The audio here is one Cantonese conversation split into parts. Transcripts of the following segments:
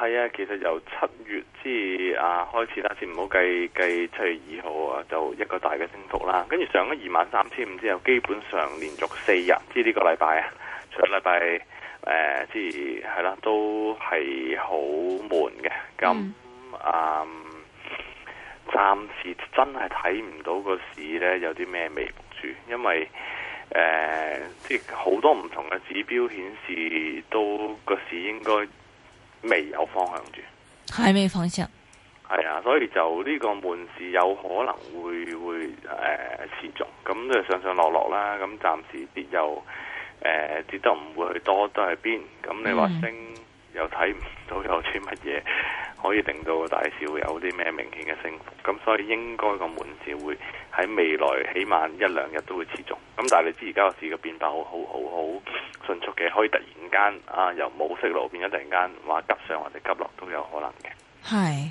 係啊，其實由七月之啊開始啦，先唔好計計七月二號啊，就一個大嘅升幅啦。跟住上咗二萬三千五之後，基本上連續四日，即係呢個禮拜啊，上個禮拜誒，即係係啦，都係好悶嘅。咁、嗯、啊，暫時真係睇唔到個市咧有啲咩尾注，因為誒、啊，即係好多唔同嘅指標顯示都個市應該。未有方向住，係未方向，係啊，所以就呢個門市有可能會會誒、呃、持續，咁就上上落落啦，咁暫時跌又誒、呃、跌得唔會去多，都係邊，咁你話升？又睇唔到有啲乜嘢，可以令到大市會有啲咩明顯嘅升幅，咁所以應該個門市會喺未來起碼一兩日都會持續，咁但係你知而家個市嘅變化好好好好迅速嘅，可以突然間啊由冇色路變咗突然間話急上或者急落都有可能嘅。係。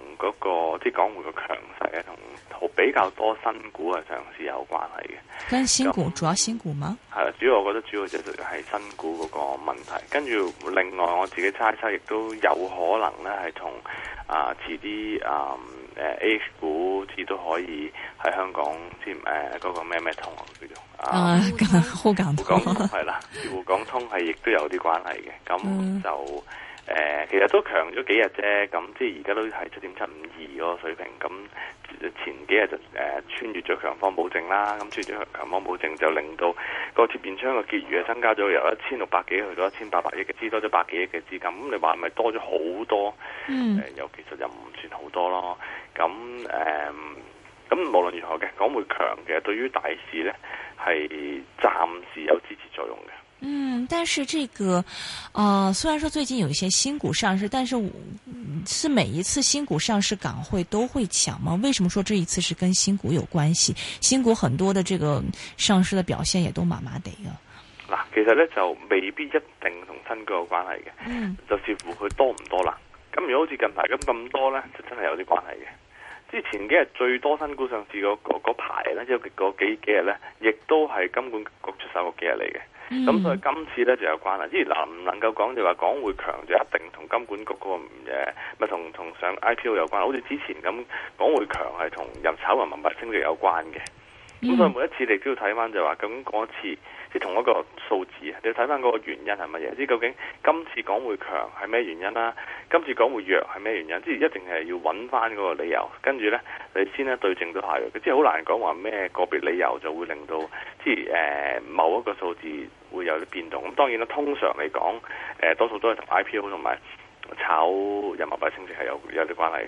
嗰、那個即港匯嘅強勢咧，同比較多新股嘅上市有關係嘅，跟新股那主要新股嗎？係啊，主要我覺得主要就係新股嗰個問題。跟住另外我自己猜測，亦都有可能咧，係同啊遲啲啊誒 A 股至都可以喺香港，即係誒嗰個咩咩通啊，叫做，好簡單。滬、uh, 港通係 啦，滬港通係亦都有啲關係嘅，咁就。Uh, 誒、呃，其實都強咗幾日啫，咁即係而家都係七點七五二嗰個水平。咁前幾日就誒、呃、穿越咗強方保證啦，咁穿越咗強方保證就令到個貼現窗個結餘啊增加咗由一千六百幾去到一千八百億嘅資，多咗百幾億嘅資金。咁你話係咪多咗好多？嗯、mm. 呃，又其實又唔算好多咯。咁誒，咁、呃、無論如何嘅港匯強嘅，對於大市咧係暫時有支持作用嘅。嗯，但是這個，啊、呃，雖然說最近有一些新股上市，但是、嗯、是每一次新股上市港匯都會搶嗎？為什麼說這一次是跟新股有關係？新股很多的這個上市的表現也都麻麻地嘅。嗱，其實呢，就未必一定同新股有關係嘅，嗯、就視乎佢多唔多啦。咁如果好似近排咁咁多呢，就真係有啲關係嘅。之前幾日最多新股上市嗰排、那個那個、呢，即係嗰幾幾日呢，亦都係金管局出手嗰幾日嚟嘅。咁 所以今次咧就有關啦，即係能唔能夠講就話港匯強就一定同金管局嗰、嗰個嘢，咪同同上 IPO 有關，好似之前咁港匯強係同入炒人民幣升值有關嘅。咁所以每一次你都要睇翻就話，咁嗰次即係同一個數字啊，你要睇翻嗰個原因係乜嘢？即係究竟今次港匯強係咩原因啦？今次港匯弱係咩原因？即係一定係要揾翻嗰個理由，跟住咧你先咧對症到下藥。即係好難講話咩個別理由就會令到即係誒某一個數字會有啲變動。咁當然啦，通常嚟講，誒多數都係同 IPO 同埋炒人民幣升值係有有啲關係嘅。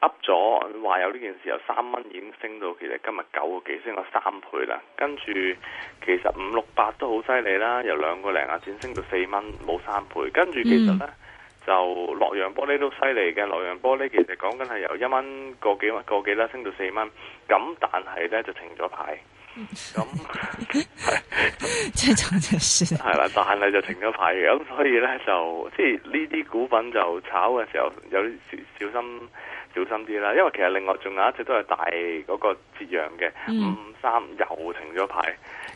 噏咗，話有呢件事由三蚊已經升到，其實今日九個幾升咗三倍啦。跟住其實五六百都好犀利啦，由兩個零啊，轉升到四蚊，冇三倍。跟住其實呢，嗯、就洛陽玻璃都犀利嘅，洛陽玻璃其實講緊係由一蚊個幾蚊個幾啦，升到四蚊。咁但係呢就停咗牌，咁係即係就就算係啦。但係就停咗牌，咁所以呢，就即係呢啲股份就炒嘅時候有啲小心。小心啲啦，因為其實另外仲有一隻都係大嗰個折讓嘅五三又停咗牌，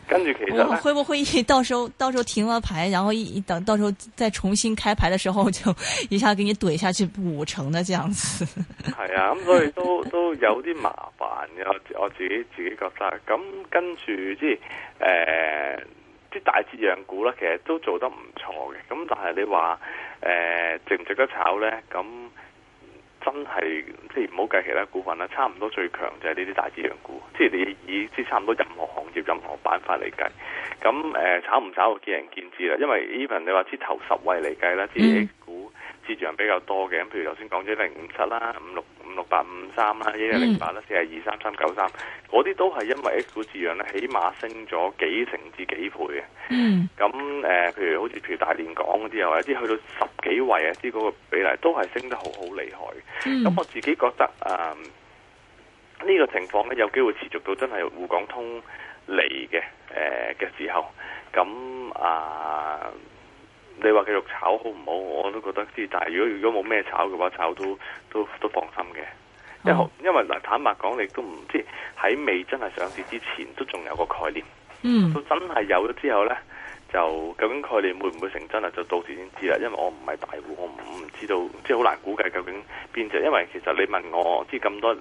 跟住其實會唔會到時候到時候停咗牌，然後一等到時候再重新開牌嘅時候，就一下給你懟下去五成的這樣子？係、嗯、 啊，咁所以都都有啲麻煩嘅，我自己自己覺得。咁、嗯、跟住即係誒，啲、呃、大折讓股啦，其實都做得唔錯嘅。咁、嗯、但係你話誒、呃，值唔值得炒咧？咁、嗯真係即係唔好計其他股份啦，差唔多最強就係呢啲大自然股。即係你以即差唔多任何行業、任何板塊嚟計，咁誒、呃、炒唔炒見仁見智啦。因為 even 你話只頭十位嚟計咧，隻股。嗯字樣比較多嘅，咁譬如頭先講咗零五七啦、五六五六八五三啦、一零八啦、四廿二三三九三，嗰啲都係因為 A 股字樣咧，起碼升咗幾成至幾倍嘅。咁誒、mm. 呃，譬如好似譬如大連港之後，又啲去到十幾位啊，啲、那、嗰個比例都係升得好好厲害咁、mm. 我自己覺得啊，呢、呃呢個情況咧有機會持續到真係滬港通嚟嘅，誒、呃、嘅時候，咁、嗯、啊。呃你話繼續炒好唔好？我都覺得啲，但係如果如果冇咩炒嘅話，炒都都都放心嘅。Oh. 因為因為嗱，坦白講，你都唔知喺未真係上市之前，都仲有一個概念。嗯，mm. 都真係有咗之後呢。就究竟概念會唔會成真啊？就到時先知啦，因為我唔係大戶，我唔唔知道，即係好難估計究竟邊隻。因為其實你問我，即係咁多誒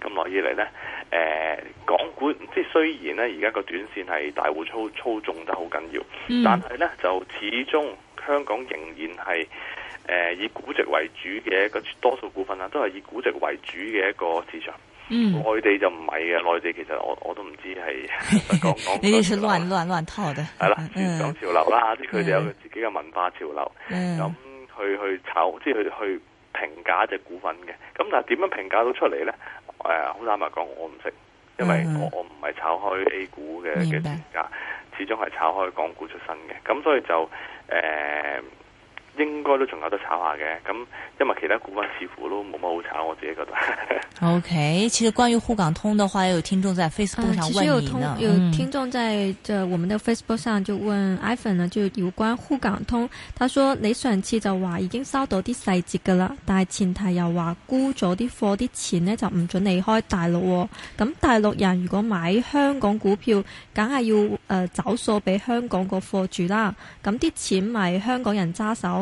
咁耐以嚟咧，誒港股即係雖然咧，而家個短線係大戶操操，操縱得好緊要，嗯、但係咧就始終香港仍然係。誒、呃，以估值為主嘅一個多數股份啦、啊，都係以估值為主嘅一個市場。嗯，內地就唔係嘅，內地其實我我都唔知係講講。是講講不 你哋是亂亂亂套的。係啦、啊，講潮流啦，即係佢哋有自己嘅文化潮流，咁、嗯、去去炒，即係去去評價一隻股份嘅。咁但係點樣評價到出嚟咧？誒、呃，好坦白講，我唔識，因為我我唔係炒開 A 股嘅嘅，啊白，始終係炒開港股出身嘅，咁所以就誒。呃應該都仲有得炒下嘅，咁因為其他股份似乎都冇乜好炒，我自己覺得。 o、okay, K，其實關於滬港通的話，有聽眾在 Facebook 上問、嗯，其實有，有聽眾在我們的 Facebook 上就問 iPhone，嗯、呢，就有關滬港通，他說你上次就話已經收到啲細節噶啦，但係前提又話沽咗啲貨啲錢呢就唔准離開大陸、哦，咁大陸人如果買香港股票，梗係要誒、呃、找數俾香港個貨主啦，咁啲錢咪香港人揸手。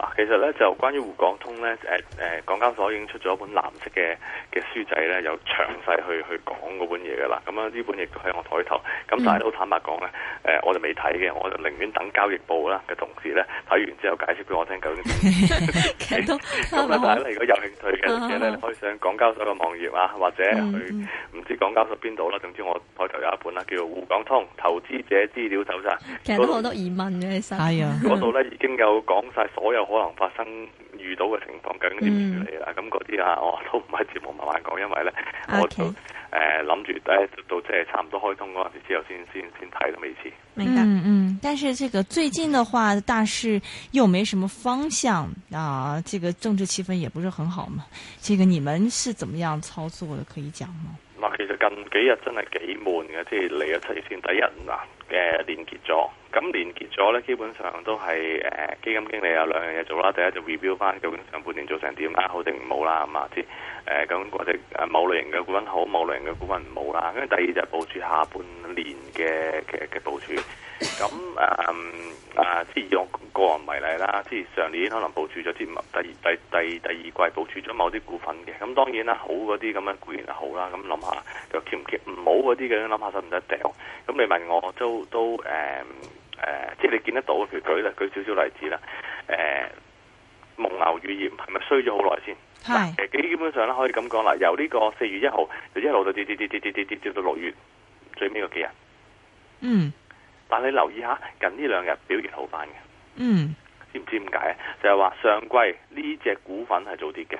啊，其實咧就關於滬港通咧，誒誒，港交所已經出咗一本藍色嘅嘅書仔咧，有詳細去去講嗰本嘢噶啦。咁、嗯嗯、啊呢本亦都係我枱頭。咁但係都坦白講咧，誒、呃、我就未睇嘅，我就寧願等交易部啦嘅同事咧睇完之後解釋俾我聽究竟點。 其實都好多。咁啊，大家你如果你有興趣嘅，而且咧，你可以上港交所嘅網頁啊，或者去唔知港交所邊度啦，總之我枱頭有一本啦，叫做《滬港通投資者資料手冊》。其實都好多疑問嘅，其裡實在。係啊。嗰度咧已經有講晒所有。可能發生遇到嘅情況究竟點處理啦？咁嗰啲啊，我都唔係節目慢慢講，因為咧，Okay. 我都誒諗住咧到即係差唔多開通嗰陣時之後先先先睇都未遲。明白嗯，嗯。但是這個最近的話，大市又沒什麼方向啊，這個政治氣氛也不是很好嘛。這個你們是怎麼樣操作的？可以講嗎？其實近幾日真係幾悶嘅，即係嚟咗七月線第一嗱嘅連結咗，咁連結咗咧，基本上都係誒基金經理有兩樣嘢做啦，第一就 review 翻究竟上半年做成點，啱好定唔好啦咁啊，即係咁或者誒某類型嘅股份好，某類型嘅股份唔好啦，跟住第二就係部署下半年嘅嘅嘅部署。咁誒誒，即係以我個人為例啦，即係上年可能部署咗啲第第第第二季部署咗某啲股份嘅。咁當然啦，好嗰啲咁樣固然係好啦。咁諗下，keep 唔 keep？唔好嗰啲咁樣諗下使唔使掉？咁你問我都都誒誒，即係你見得到？譬如舉例舉少少例子啦，誒，蒙牛乳業係咪衰咗好耐先？基本上咧可以咁講啦，由呢個四月一號就一路到跌跌跌跌跌跌跌跌到六月最尾嗰幾日。嗯。但你留意下，近呢兩日表現好翻嘅。嗯。知唔知點解啊？就係話上季呢隻股份係早跌嘅。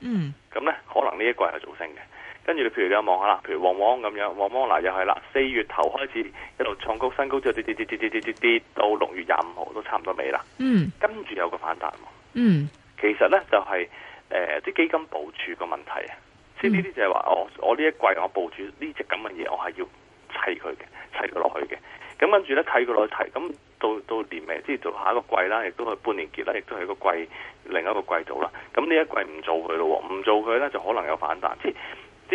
嗯。咁咧，可能呢一季係早升嘅。跟住你譬如你有望下啦，譬如旺旺咁樣，旺旺嗱又係啦，四月頭開始一路創高，新高，之後跌跌跌跌跌跌跌到六月廿五號都差唔多尾啦。嗯。跟住有個反彈。嗯。其實咧就係誒啲基金部署個問題啊，即係呢啲就係話我我呢一季我部署呢隻咁嘅嘢，我係要砌佢嘅，砌佢落去嘅。咁跟住咧睇佢落去睇，咁到到年尾，即係做下一個季啦，亦都係半年結啦，亦都係一個季，另一個季度啦。咁呢一季唔做佢咯，唔做佢咧就可能有反彈。即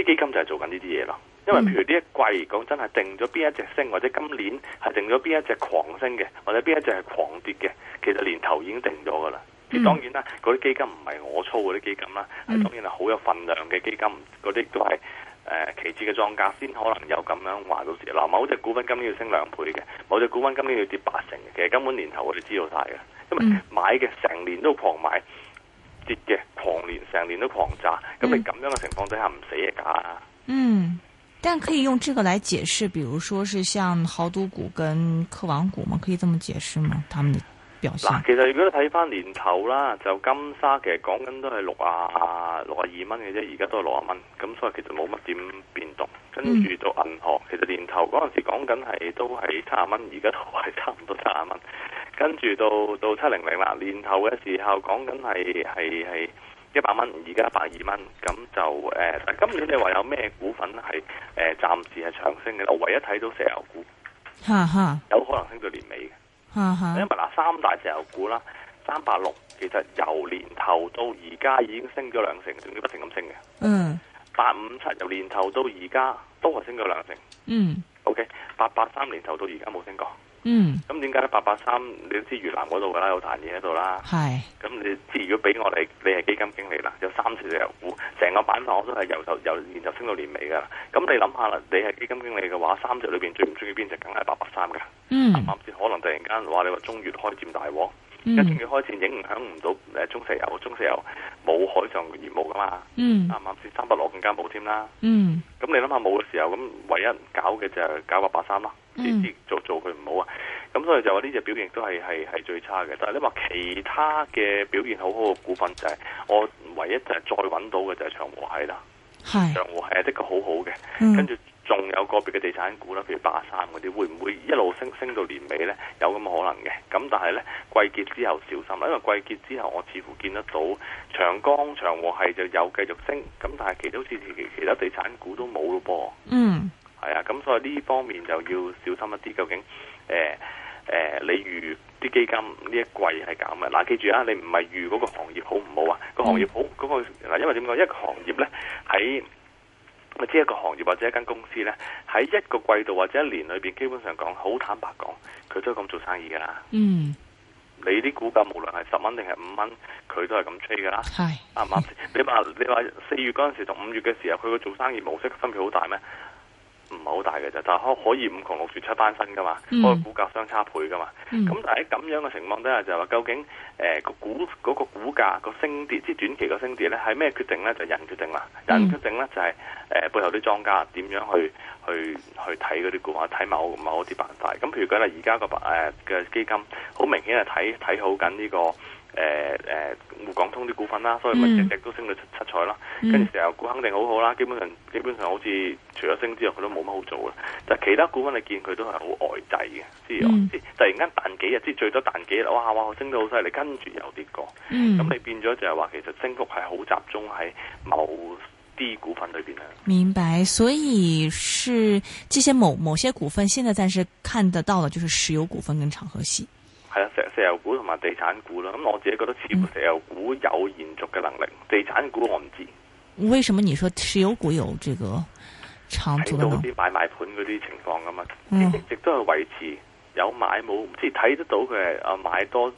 係啲基金就係做緊呢啲嘢喇！因為譬如呢一季講真係定咗邊一隻升，或者今年係定咗邊一隻狂升嘅，或者邊一隻係狂跌嘅，其實年頭已經定咗噶啦。嗯、當然啦，嗰啲基金唔係我操嗰啲基金啦，嗯、當然係好有份量嘅基金，嗰啲都係。誒，期指嘅莊家先可能有咁樣話到時，嗱，某隻股份今年要升兩倍嘅，某隻股份今年要跌八成嘅，其實根本年頭我哋都知道晒嘅，因為買嘅成年都狂買，跌嘅狂年成年都狂炸。咁你咁樣嘅情況底下唔死嘅假、嗯。嗯，但可以用這個來解釋，比如說是像濠賭股跟科網股嘛，可以咁樣解釋嗎，他們？嗱，其實如果睇翻年頭啦，就金沙其實講緊都係六啊六啊二蚊嘅啫，而家都係六啊蚊，咁所以其實冇乜點變動。跟住到銀河，其實年頭嗰陣時講緊係都係七啊蚊，而家都係差唔多七啊蚊。跟住到到七零零啦，年頭嘅時候講緊係係係一百蚊，而家一百二蚊。咁就誒，呃、今年你話有咩股份係誒暫時係長升嘅？我唯一睇到石油股，有可能升到年尾嘅。 因為嗱，三大石油股啦，三八六其實由年頭到而家已經升咗兩成，仲要不停咁升嘅。嗯，八五七由年頭到而家都係升咗兩成。嗯，OK，八八三年頭到而家冇升過。嗯，咁點解咧？八八三，你都知越南嗰度噶啦，有彈嘢喺度啦。係，咁你知如果俾我嚟，你係基金經理啦，有三四隻油股，成個板塊我都係由頭由年頭升到年尾噶啦。咁你諗下啦，你係基金經理嘅話，三隻裏邊最唔中意邊隻，梗係八八三噶。啱啱先可能突然間話你話中越開戰大鑊，一、嗯、中越開戰影響唔到誒中石油，中石油冇海上業務噶嘛。嗯，啱啱至三百六更加冇添啦。嗯，咁你諗下冇嘅時候，咁唯一人搞嘅就係搞八八三咯。嗯、做做佢唔好啊！咁所以就話呢隻表現都係係係最差嘅。但係你話其他嘅表現好好嘅股份就係、是、我唯一就係再揾到嘅就係長和系啦。是長和系啊，的確好好嘅。嗯、跟住仲有個別嘅地產股啦，譬如八三嗰啲，會唔會一路升升到年尾呢？有咁嘅可能嘅。咁但係呢，季結之後小心啦，因為季結之後我似乎見得到長江長和系就有繼續升。咁但係其他好似其其他地產股都冇咯噃。嗯。係啊，咁所以呢方面就要小心一啲，究竟誒誒、呃呃，你預啲基金呢一季係咁嘅？嗱、啊，記住啊，你唔係預嗰個行業好唔好啊？個行業好、嗰個嗱，嗯、因為點講？一個行業咧喺唔知一個行業或者一間公司咧喺一個季度或者一年裏邊，基本上講好坦白講，佢都係咁做生意噶啦。嗯，你啲股價無論係十蚊定係五蚊，佢都係咁 trade 噶啦。係啱唔啱？是是 你話你話四月嗰陣時同五月嘅時候，佢個做生意模式分歧好大咩？唔係好大嘅啫，但、就、可、是、可以五窮六絕七翻身㗎嘛，個、嗯、股價相差倍㗎嘛。咁、嗯、但喺咁樣嘅情況底下，就話究竟誒、呃那個股嗰、那個股價、那個升跌之、那個、短期個升跌咧，係咩決定咧？就是、人決定啦，人決定咧就係、是呃、背後啲莊家點樣去、嗯、去去睇嗰啲股啊，睇某某啲辦法。咁譬如講啦，而家、呃那個誒嘅基金好明顯係睇睇好緊、這、呢個。誒誒，滬港、呃呃、通啲股份啦，所以咪日日都升到七、嗯、七彩啦，跟住石油股肯定好好啦，基本上基本上好似除咗升之外，佢都冇乜好做啦。就其他股份你見佢都係好呆滯嘅，即係、嗯、突然間彈幾日，即係最多彈幾日，哇哇升到好犀利，跟住有啲降，咁、嗯、你變咗就係話其實升幅係好集中喺某啲股份裏邊啊。明白，所以是即些某某些股份，現在暫時看得到嘅，就是石油股份跟長和系。係啊，石油股同埋地產股啦。咁我自己覺得，似乎石油股有延續嘅能力，嗯、地產股我唔知道。為什麼你說石油股有這個強度咧？睇到啲買賣盤嗰啲情況噶嘛，一直、嗯、都係維持有買冇，即係睇得到佢啊買多誒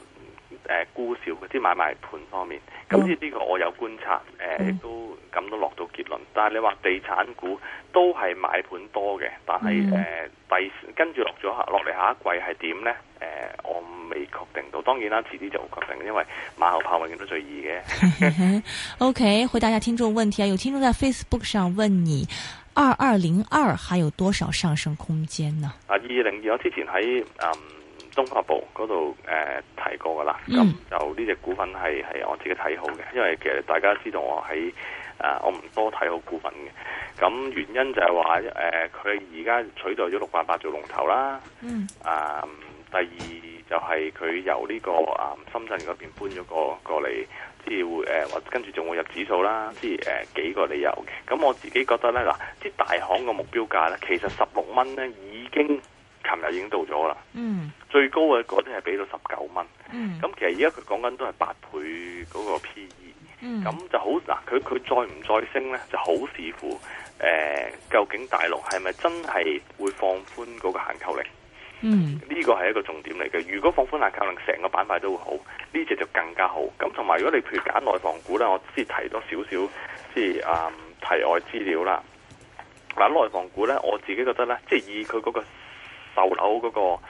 沽少嗰啲買賣盤方面。咁呢呢個我有觀察，誒、呃、亦、嗯、都咁都落到結論。但係你話地產股都係買盤多嘅，但係誒、嗯呃、第跟住落咗落嚟下一季係點咧？誒、呃，我未確定到，當然啦，遲啲就確定，因為馬後炮永遠都最易嘅。 o、okay, K，回答下聽眾問題啊，有聽眾在 Facebook 上問你，二二零二還有多少上升空間呢？啊，二二零二我之前喺誒東華部嗰度誒提過噶啦，咁就呢隻股份係係我自己睇好嘅，因為其實大家知道我喺誒、呃、我唔多睇好股份嘅，咁原因就係話誒佢而家取代咗六八八做龍頭啦，嗯、啊第二就係佢由呢個啊深圳嗰邊搬咗過過嚟，即係會誒，或跟住仲會入指數啦，即係誒幾個理由嘅。咁我自己覺得咧，嗱啲大行嘅目標價咧，其實十六蚊咧已經琴日已經到咗啦。嗯，最高嘅嗰啲係俾到十九蚊。咁、嗯、其實而家佢講緊都係八倍嗰個 P E、嗯。咁就好嗱，佢佢再唔再升咧，就好視乎誒、呃，究竟大陸係咪真係會放寬嗰個限購令？嗯，呢個係一個重點嚟嘅。如果放寬限購，令成個板塊都會好，呢隻就更加好。咁同埋，如果你譬如揀內房股咧，我先提多少少，即係啊，題、嗯、外資料啦。嗱，內房股咧，我自己覺得咧，即係以佢嗰個售樓嗰個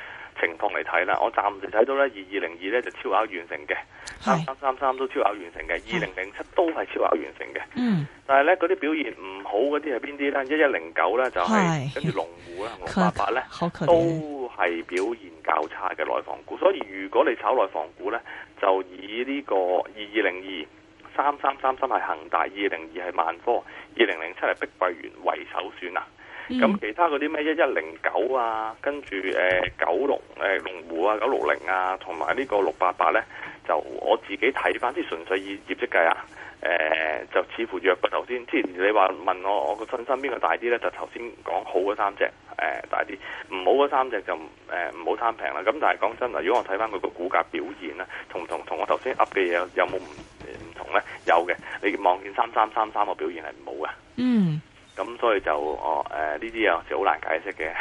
情況嚟睇啦。我暫時睇到咧，二二零二咧就超額完成嘅，三三三三都超額完成嘅，二零零七都係超額完成嘅。嗯。但係咧，嗰啲表現唔好嗰啲係邊啲咧？一一零九咧就係、是、是跟住龍湖啊，八八咧都。係表現較差嘅內房股，所以如果你炒內房股呢，就以呢個二二零二、三三三三係恒大，二零二係萬科，二零零七係碧桂園為首選啊。咁、嗯、其他嗰啲咩一一零九啊，跟住、呃、九龍誒、呃、龍湖啊，九六零啊，同埋呢個六八八呢，就我自己睇翻啲純粹以業績計啊。誒、呃，就似乎弱過頭先。之前你話問我，我個信心邊個大啲咧？就頭先講好嗰三隻，誒、呃、大啲；唔好嗰三隻就誒唔、呃、好貪平啦。咁但係講真嗱，如果我睇翻佢個股價表現咧，同同同我頭先 up 嘅嘢有冇唔唔同咧？有嘅，你望見三三三三個表現係唔好嘅。嗯，咁、嗯、所以就哦誒呢啲啊就好難解釋嘅。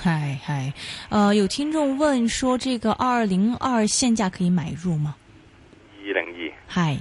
係 係，誒、呃、有聽眾問說，這個二零二現價可以買入嗎？二零二係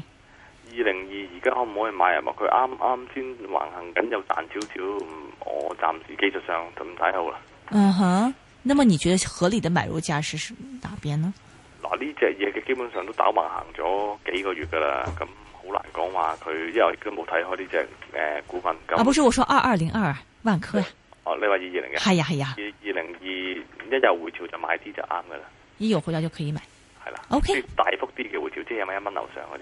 二零二而家可唔可以買啊？嘛，佢啱啱先橫行緊，又賺少少，我暫時技術上就唔睇好啦。嗯哼、uh，huh. 那麼你覺得合理的買入價是是打邊呢？嗱、啊，呢隻嘢佢基本上都打橫行咗幾個月噶啦，咁好難講話佢因為都冇睇開呢隻誒股份。啊，不是，我說二二零二萬科、啊哦啊哎、呀。哦，你話二二零一？係呀，係呀。二二零二一有回調就買啲就啱噶啦。一有回調就可以買。係啦。O K。大幅啲嘅回調，即係有冇一蚊樓上嗰啲？